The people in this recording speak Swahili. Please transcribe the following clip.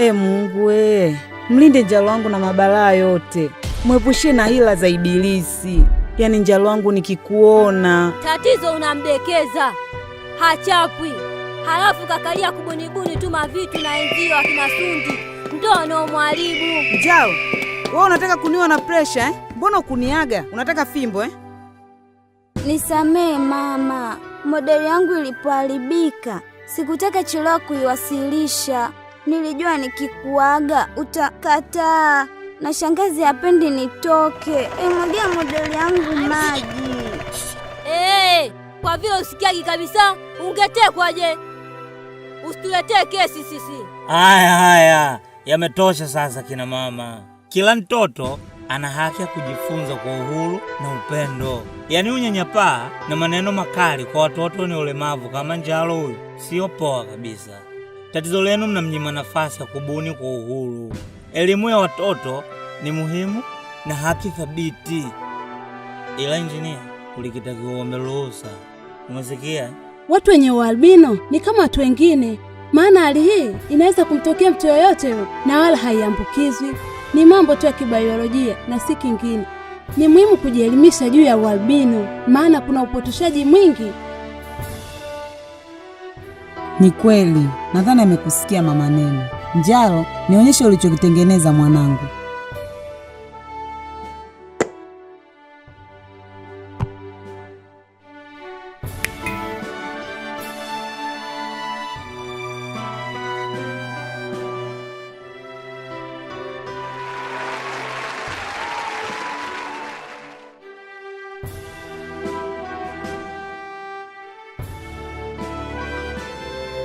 E Mungu e, mlinde njalo wangu na mabalaa yote, mwepushie na hila za Ibilisi. Yaani njalo wangu nikikuona tatizo unamdekeza, hachapwi halafu kakalia kubunibuni tu mavitu na enzio akina Sundi ndo no mwalimu. Njalo wewe unataka kuniwa na presha eh? Mbona ukuniaga? Unataka fimbo eh? Nisamee mama, modeli yangu ilipoharibika sikutaka chelewa kuiwasilisha. Nilijua nikikuaga utakataa, na shangazi hapendi nitoke. Imwagia eh, modeli yangu maji. Hey, eh, kwa vile usikiagi kabisa, ungetekwaje? Usituletee kesi sisi. Haya haya, yametosha sasa, kina mama. Kila mtoto ana haki ya kujifunza kwa uhuru na upendo. Yaani unyanyapaa na maneno makali kwa watoto wenye ulemavu kama Njalo huyu sio poa kabisa. Tatizo lenu mnamnyima nafasi ya kubuni kwa uhuru. Elimu ya watoto ni muhimu na haki thabiti, ila injinia, ulikitakiwa uombe ruhusa. Umesikia? Watu wenye ualbino ni kama watu wengine, maana hali hii inaweza kumtokea mtu yoyote na wala haiambukizwi. Ni mambo tu ya kibiolojia na si kingine. Ni muhimu kujielimisha juu ya ualbino, maana kuna upotoshaji mwingi ni kweli, nadhani amekusikia mama Nemi. Njaro, nionyeshe ulichokitengeneza mwanangu.